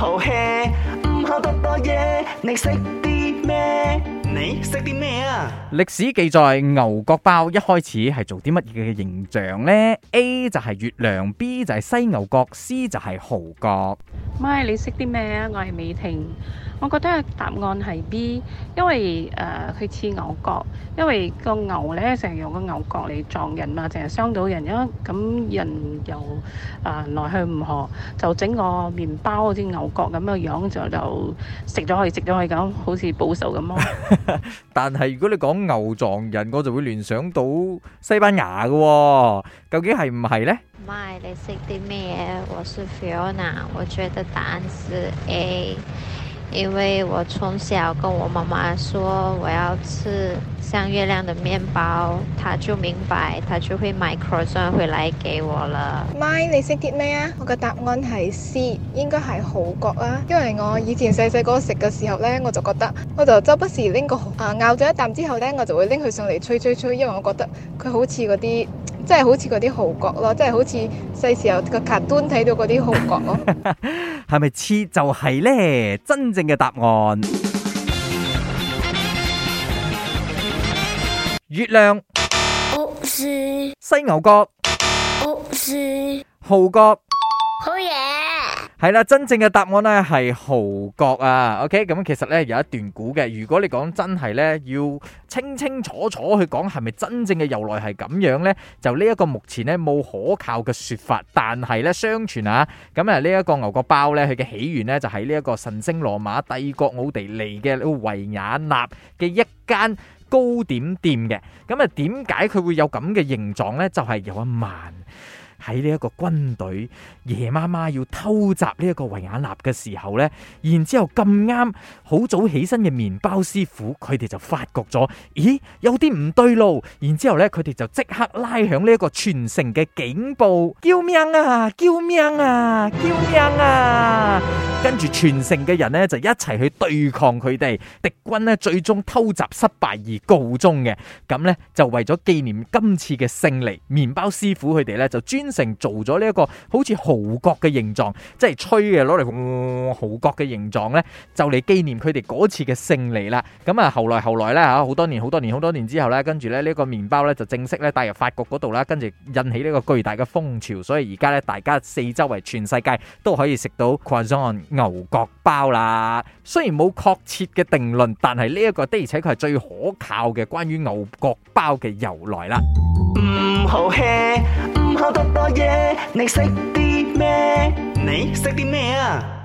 好 h 唔好得多嘢。你識啲咩？你識啲咩啊？歷史記載牛角包一開始係做啲乜嘢嘅形象呢？A 就係月亮，B 就係犀牛角，C 就係豪角。咪你識啲咩啊？我係美婷，我覺得答案係 B，因為誒佢似牛角，因為個牛咧成日用個牛角嚟撞人嘛，成日傷到人呀。咁人又啊奈佢唔何，就整個麵包好似牛角咁嘅樣，就就食咗可以食咗可以咁，好似報仇咁咯。但係如果你講牛撞人，我就會聯想到西班牙嘅喎，究竟係唔係呢？My，你識啲咩？我是 Fiona，我覺得答案是 A，因為我從小，跟我媽媽說我要吃像月亮的麵包，她就明白，她就會買 croissant 回來給我了。My，你識啲咩啊？我嘅答案係 C，應該係好角啊！因為我以前細細個食嘅時候呢，我就覺得，我就周不時拎個啊、呃、咬咗一啖之後呢，我就會拎佢上嚟吹吹吹，因為我覺得佢好似嗰啲。即係好似嗰啲豪角咯，即係好似細時候個卡端睇到嗰啲豪角咯。係咪似就係咧？真正嘅答案。月亮。Oh, see. 西牛角。Oh, see. 豪角。好嘢。係啦，真正嘅答案咧係豪角啊，OK？咁其實咧有一段古嘅。如果你講真係呢要清清楚楚去講係咪真正嘅由來係咁樣呢？就呢一個目前咧冇可靠嘅說法。但係呢相傳啊，咁啊呢一個牛角包呢，佢嘅起源呢，就喺呢一個神聖羅馬帝國奧地利嘅維也納嘅一間糕點店嘅。咁啊，點解佢會有咁嘅形狀呢？就係有一萬。喺呢一個軍隊夜媽媽要偷襲呢一個維也納嘅時候呢，然之後咁啱好早起身嘅麵包師傅，佢哋就發覺咗，咦，有啲唔對路，然之後咧，佢哋就即刻拉響呢一個全城嘅警報，救命啊！救命啊！救命啊！跟住全城嘅人呢，就一齊去對抗佢哋敵軍呢，最終偷襲失敗而告終嘅。咁呢，就為咗紀念今次嘅勝利，麵包師傅佢哋呢，就專程做咗呢一個好似號角嘅形狀，即係吹嘅攞嚟號角嘅形狀呢，就嚟紀念佢哋嗰次嘅勝利啦。咁啊，後來後來呢，吓、啊，好多年好多年好多年之後呢，跟住呢呢、呢個麵包呢，就正式呢帶入法國嗰度啦，跟住引起呢個巨大嘅風潮，所以而家呢，大家四周圍全世界都可以食到 Croissant 牛角包啦，雖然冇確切嘅定論，但係呢一個的而且確係最可靠嘅關於牛角包嘅由來啦。唔好吃，唔好得多嘢，你食啲咩？你食啲咩啊？